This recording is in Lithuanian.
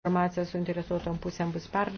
informacija suinteresuotom pusėm bus perduota